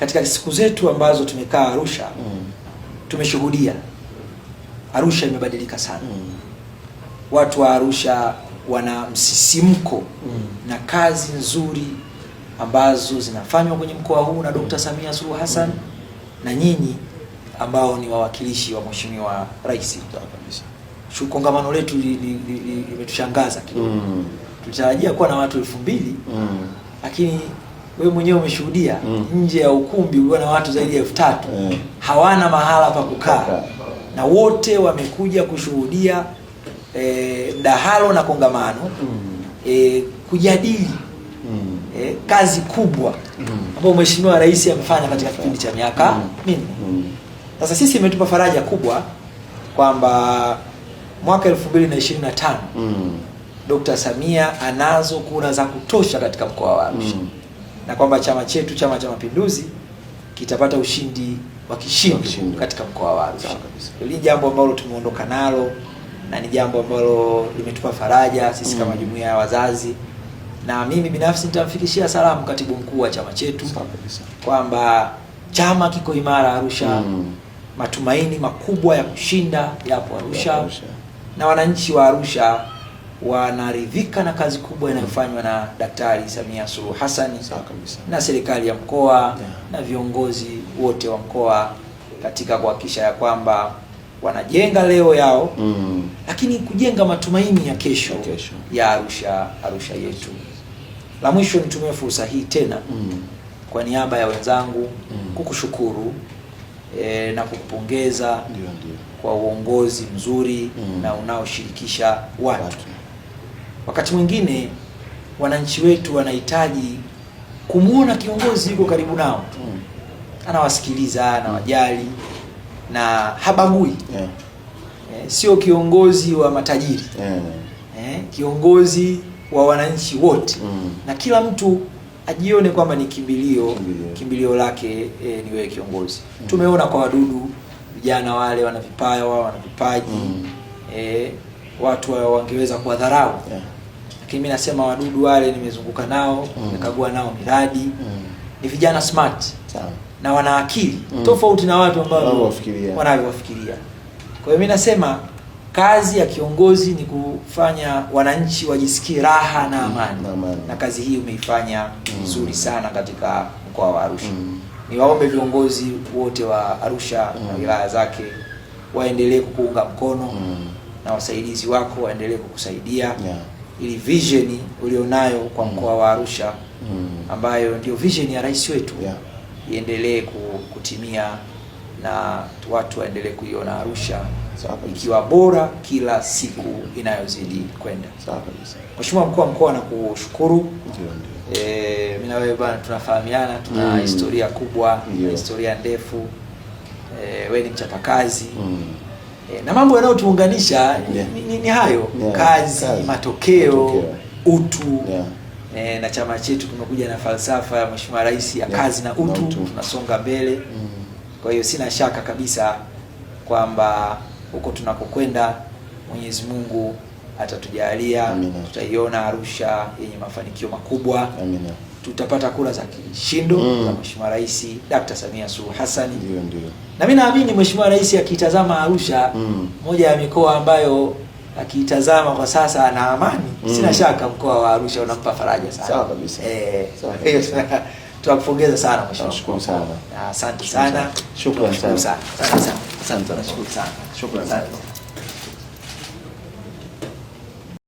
katika siku zetu ambazo tumekaa Arusha mm. tumeshuhudia Arusha imebadilika sana mm. watu wa Arusha wana msisimko mm. na kazi nzuri ambazo zinafanywa kwenye mkoa huu na Dkt. Samia Suluhu Hassan mm. na nyinyi ambao ni wawakilishi wa Mheshimiwa Rais. Kongamano letu limetushangaza li, li, li, kidogo mm. tulitarajia kuwa na watu elfu mbili mm. lakini wewe mwenyewe umeshuhudia mm. nje ya ukumbi na watu zaidi ya elfu tatu mm. hawana mahala pa kukaa na wote wamekuja kushuhudia e, eh, mdahalo na kongamano mm. e, kujadili mm. e, kazi kubwa mm. ambayo Mheshimiwa Rais amefanya katika kipindi cha miaka mm. minne mm. Sasa sisi imetupa faraja kubwa kwamba mwaka 2025 mm. Dkt. Samia anazo kura za kutosha katika mkoa wa Arusha mm na kwamba chama chetu Chama cha Mapinduzi kitapata ushindi wa kishindo katika mkoa wa Arusha. Hili jambo ambalo tumeondoka nalo na ni jambo ambalo limetupa faraja sisi mm. kama jumuiya ya wazazi, na mimi binafsi nitamfikishia salamu katibu mkuu wa chama chetu kwamba chama kiko imara Arusha mm. matumaini makubwa ya kushinda yapo Arusha, Arusha na wananchi wa Arusha wanaridhika na kazi kubwa inayofanywa na Daktari Samia Suluhu Hassan na serikali ya mkoa yeah, na viongozi wote wa mkoa katika kuhakikisha ya kwamba wanajenga leo yao mm, lakini kujenga matumaini ya kesho, kesho ya Arusha Arusha yetu. La mwisho nitumie fursa hii tena mm, kwa niaba ya wenzangu mm, kukushukuru e, na kukupongeza kwa uongozi mzuri mm, na unaoshirikisha watu, watu. Wakati mwingine wananchi wetu wanahitaji kumwona kiongozi yuko karibu nao, hmm. anawasikiliza, anawajali na habagui, yeah. Eh, sio kiongozi wa matajiri yeah. Eh, kiongozi wa wananchi wote mm. Na kila mtu ajione kwamba ni kimbilio kimbilio, kimbilio lake e, ni wewe kiongozi mm. Tumeona kwa wadudu vijana wale wana vipawa wana vipaji mm. E, watu wangeweza kuwadharau yeah lakini mi nasema wadudu wale nimezunguka nao mm. nikagua nao miradi mm. ni vijana smart Sao. na wana akili mm. tofauti na watu ambao wanavyowafikiria kwa hiyo mi nasema kazi ya kiongozi ni kufanya wananchi wajisikie raha na mm. amani mm, na, na kazi hii umeifanya mm. vizuri mm. sana katika mkoa wa Arusha mm. niwaombe viongozi wote wa Arusha mm. na wilaya zake waendelee kukuunga mkono mm. na wasaidizi wako waendelee kukusaidia yeah ili vision ulionayo kwa mm. mkoa wa Arusha mm. ambayo ndio vision ya rais wetu yeah. iendelee kutimia na watu waendelee kuiona Arusha ikiwa bora kila siku inayozidi kwenda. Mheshimiwa mkuu wa mkoa, nakushukuru. E, mimi na wewe bwana tunafahamiana, tuna mm. historia kubwa, historia ndefu. E, wewe ni mchapakazi mm. Eh, na mambo yanayotuunganisha yeah. ni, ni, ni hayo yeah. kazi, kazi, matokeo, matokeo. utu yeah. E, na chama chetu tumekuja na falsafa ya Mheshimiwa Rais ya yeah. kazi na utu, utu. tunasonga mbele mm. kwa hiyo sina shaka kabisa kwamba huko tunakokwenda Mwenyezi Mungu atatujalia, tutaiona Arusha yenye mafanikio makubwa Amina tutapata kura za kishindo mm. za Mheshimiwa Rais Dr. Samia Suluhu Hassan. Ndio, ndio. Na mimi naamini Mheshimiwa Rais akitazama Arusha mm. moja ya mikoa ambayo akitazama kwa sasa ana amani mm. sina shaka mkoa wa Arusha unampa faraja sana. Sawa kabisa. Eh, Sawa. Eh, tunakupongeza sana Mheshimiwa. Nashukuru sana. Asante sana. Shukrani sana. Asante sana. Asante sana. Shukrani sana.